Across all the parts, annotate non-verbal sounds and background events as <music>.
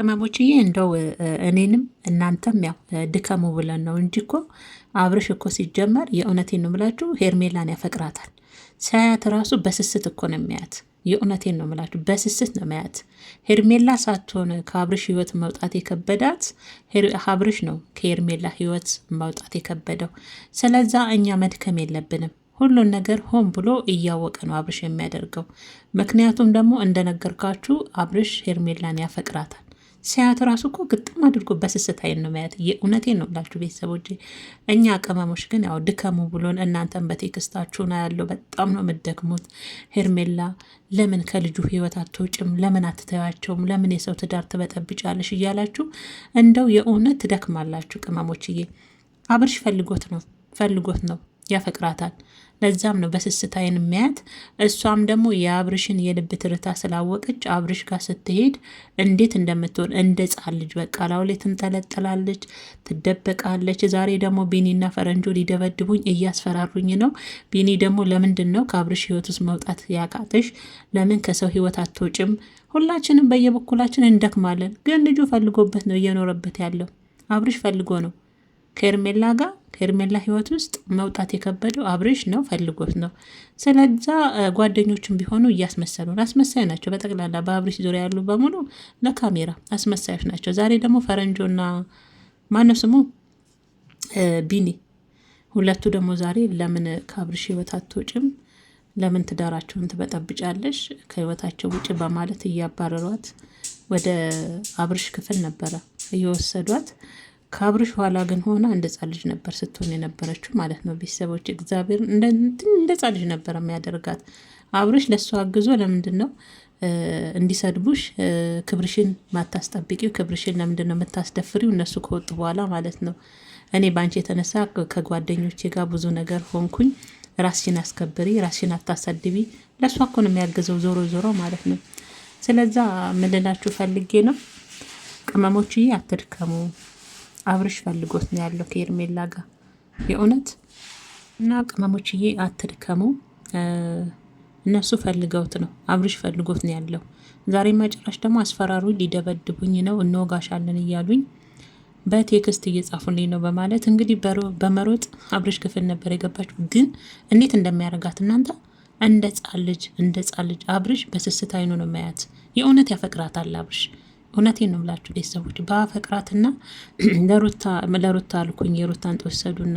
ቅመሞችዬ እንደው እኔንም እናንተም ያው ድከሙ ብለን ነው እንጂ እኮ አብርሽ እኮ ሲጀመር የእውነቴን ነው ምላችሁ ሄርሜላን ያፈቅራታል። ሳያት ራሱ በስስት እኮ ነው የሚያት። የእውነቴን ነው ምላችሁ በስስት ነው የሚያት። ሄርሜላ ሳትሆን ከአብርሽ ህይወት መውጣት የከበዳት አብርሽ ነው ከሄርሜላ ህይወት መውጣት የከበደው። ስለዛ እኛ መድከም የለብንም። ሁሉን ነገር ሆን ብሎ እያወቀ ነው አብርሽ የሚያደርገው። ምክንያቱም ደግሞ እንደነገርካችሁ አብርሽ ሄርሜላን ያፈቅራታል። ሲያት ራሱ እኮ ግጥም አድርጎ በስስት አይን ነው ማያት። እውነቴን ነው ብላችሁ ቤተሰቦች፣ እኛ ቅመሞች ግን ያው ድከሙ ብሎን እናንተን በቴክስታችሁን ያለው በጣም ነው የምትደክሙት። ሄርሜላ ለምን ከልጁ ህይወት አትወጭም? ለምን አትተያቸውም? ለምን የሰው ትዳር ትበጠብጫለሽ? እያላችሁ እንደው የእውነት ትደክማላችሁ ቅመሞችዬ። አብርሽ ፈልጎት ነው ፈልጎት ነው ያፈቅራታል። ለዛም ነው በስስት አይን የሚያያት። እሷም ደግሞ የአብርሽን የልብ ትርታ ስላወቀች አብርሽ ጋር ስትሄድ እንዴት እንደምትሆን እንደ ጻን ልጅ በቃ ላውሌ ትንጠለጠላለች፣ ትደበቃለች። ዛሬ ደግሞ ቢኒና ፈረንጆ ሊደበድቡኝ እያስፈራሩኝ ነው። ቢኒ ደግሞ ለምንድን ነው ከአብርሽ ህይወት ውስጥ መውጣት ያቃተሽ? ለምን ከሰው ህይወት አትወጭም? ሁላችንም በየበኩላችን እንደክማለን። ግን ልጁ ፈልጎበት ነው እየኖረበት ያለው። አብርሽ ፈልጎ ነው ከኤርሜላ ጋር ከሄርሜላ ህይወት ውስጥ መውጣት የከበደው አብሬሽ ነው፣ ፈልጎት ነው። ስለዛ ጓደኞቹም ቢሆኑ እያስመሰሉ አስመሳይ ናቸው። በጠቅላላ በአብሬሽ ዙሪያ ያሉ በሙሉ ለካሜራ አስመሳዮች ናቸው። ዛሬ ደግሞ ፈረንጆና ማነው ስሙ ቢኒ፣ ሁለቱ ደግሞ ዛሬ ለምን ከአብሬሽ ህይወት አትወጭም ለምን ትዳራቸውን ትበጠብጫለሽ ከህይወታቸው ውጭ በማለት እያባረሯት ወደ አብርሽ ክፍል ነበረ እየወሰዷት ከአብርሽ ኋላ ግን ሆና እንደ ሕፃን ልጅ ነበር ስትሆን የነበረችው ማለት ነው። ቤተሰቦች እግዚአብሔር እንደ ሕፃን ልጅ ነበር የሚያደርጋት። አብርሽ ለእሱ አግዞ ለምንድን ነው እንዲሰድቡሽ ክብርሽን ማታስጠብቂው? ክብርሽን ለምንድን ነው የምታስደፍሪው? እነሱ ከወጡ በኋላ ማለት ነው። እኔ በአንቺ የተነሳ ከጓደኞቼ ጋር ብዙ ነገር ሆንኩኝ። ራስሽን አስከብሪ፣ ራስሽን አታሳድቢ። ለእሷ እኮ ነው የሚያግዘው ዞሮ ዞሮ ማለት ነው። ስለዛ ምልላችሁ ፈልጌ ነው ቅመሞችዬ፣ አትድከሙ። አብርሽ ፈልጎት ነው ያለው ከኤርሜላ ጋር የእውነት እና ቅመሞችዬ አትድከሙ። እነሱ ፈልገውት ነው፣ አብርሽ ፈልጎት ነው ያለው። ዛሬ ጭራሽ ደግሞ አስፈራሩ ሊደበድቡኝ ነው፣ እንወጋሻለን እያሉኝ በቴክስት እየጻፉልኝ ነው በማለት እንግዲህ በመሮጥ አብርሽ ክፍል ነበር የገባችው። ግን እንዴት እንደሚያደርጋት እናንተ እንደ ጻልጅ ልጅ እንደ ጻልጅ አብርሽ በስስት አይኑ ነው ማያት። የእውነት ያፈቅራታል አብርሽ እውነቴን ነው ብላችሁ ቤተሰቦች በአፈቅራትና ለሩታ አልኩኝ የሩታን ተወሰዱና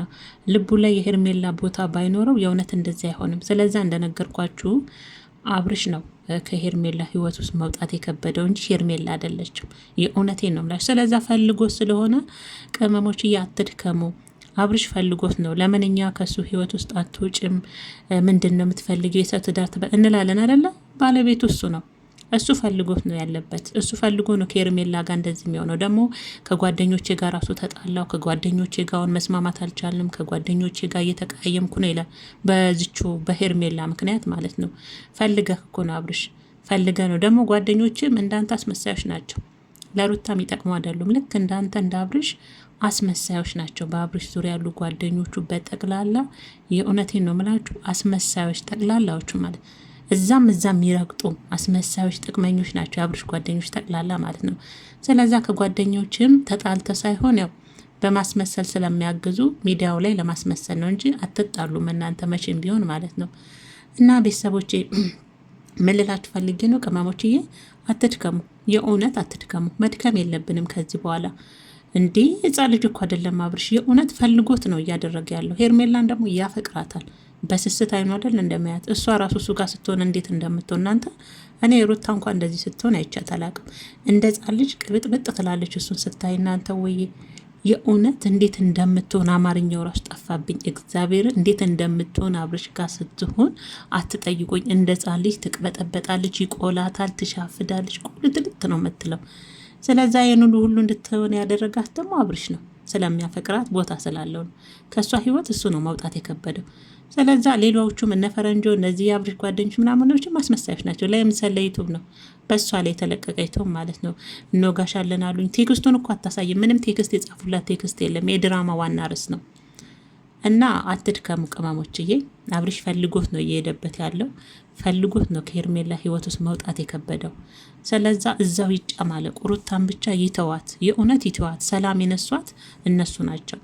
ልቡ ላይ የሄርሜላ ቦታ ባይኖረው የእውነት እንደዚህ አይሆንም። ስለዚያ እንደነገርኳችሁ አብርሽ ነው ከሄርሜላ ህይወት ውስጥ መውጣት የከበደው እንጂ ሄርሜላ አይደለችም። የእውነቴን ነው ብላችሁ ስለዛ ፈልጎ ስለሆነ ቅመሞች እያትድከሙ አብርሽ ፈልጎት ነው። ለምንኛ ከሱ ህይወት ውስጥ አትውጭም? ምንድን ነው የምትፈልጊው? የሰው ትዳር እንላለን አይደለ? ባለቤቱ እሱ ነው። እሱ ፈልጎት ነው ያለበት። እሱ ፈልጎ ነው ከኤርሜላ ጋር እንደዚህ የሚሆነው። ደግሞ ከጓደኞቼ ጋር ራሱ ተጣላው፣ ከጓደኞቼ ጋውን መስማማት አልቻልም፣ ከጓደኞቼ ጋር እየተቀያየምኩ ነው ይላል። በዝቹ በሄርሜላ ምክንያት ማለት ነው። ፈልገህ እኮ ነው አብርሽ፣ ፈልገ ነው ደግሞ ጓደኞችም እንዳንተ አስመሳዮች ናቸው። ለሩታ የሚጠቅሙ አይደሉም። ልክ እንዳንተ እንደ አብርሽ አስመሳዮች ናቸው። በአብርሽ ዙሪያ ያሉ ጓደኞቹ በጠቅላላ የእውነቴን ነው ምላችሁ አስመሳዮች ጠቅላላዎቹ ማለት እዛም እዛ የሚረግጡ አስመሳዮች፣ ጥቅመኞች ናቸው የአብርሽ ጓደኞች ጠቅላላ ማለት ነው። ስለዛ ከጓደኞችም ተጣልተ ሳይሆን ያው በማስመሰል ስለሚያግዙ ሚዲያው ላይ ለማስመሰል ነው እንጂ አትጣሉም እናንተ መቼም ቢሆን ማለት ነው። እና ቤተሰቦቼ <clears throat> ምን ፈልጌ ነው ቅመሞችዬ፣ አትድከሙ፣ የእውነት አትድከሙ። መድከም የለብንም ከዚህ በኋላ እንዲህ ህፃን ልጅ እኮ አይደለም አብርሽ፣ የእውነት ፈልጎት ነው እያደረገ ያለው። ሄርሜላን ደግሞ ያፈቅራታል። በስስት አይኑ አይደል እንደሚያት እሷ ራሱ እሱ ጋር ስትሆን እንዴት እንደምትሆን እናንተ። እኔ ሩታ እንኳ እንደዚህ ስትሆን አይቻት አላቅም። እንደ ጻን ልጅ ቅብጥብጥ ትላለች እሱን ስታይ እናንተ። ወይ የእውነት እንዴት እንደምትሆን አማርኛው ራሱ ጠፋብኝ። እግዚአብሔር እንዴት እንደምትሆን አብርሽ ጋር ስትሆን አትጠይቆኝ። እንደ ጻን ልጅ ትቅበጠበጣለች፣ ይቆላታል፣ ትሻፍዳለች፣ ቁልጥልጥ ነው የምትለው። ስለዛ ይህን ሁሉ እንድትሆን ያደረጋት ደግሞ አብርሽ ነው። ስለሚያፈቅራት ቦታ ስላለው ነው። ከእሷ ህይወት እሱ ነው መውጣት የከበደው። ስለዛ ሌሎቹም እነ ፈረንጆ እነዚህ የአብሪሽ ጓደኞች ምናምኖች ማስመሳዮች ናቸው። ለምሳሌ ዩቱብ ነው በእሷ ላይ የተለቀቀ ዩቱብ ማለት ነው። እንወጋሻለን አሉኝ። ቴክስቱን እኮ አታሳይም። ምንም ቴክስት የጻፉላት ቴክስት የለም። የድራማ ዋና ርዕስ ነው። እና አትድከሙ ቅመሞችዬ። አብርሽ ፈልጎት ነው እየሄደበት ያለው ፈልጎት ነው ከሄርሜላ ህይወት ውስጥ መውጣት የከበደው። ስለዛ እዛው ይጫማለ። ቁሩታን ብቻ ይተዋት፣ የእውነት ይተዋት። ሰላም የነሷት እነሱ ናቸው።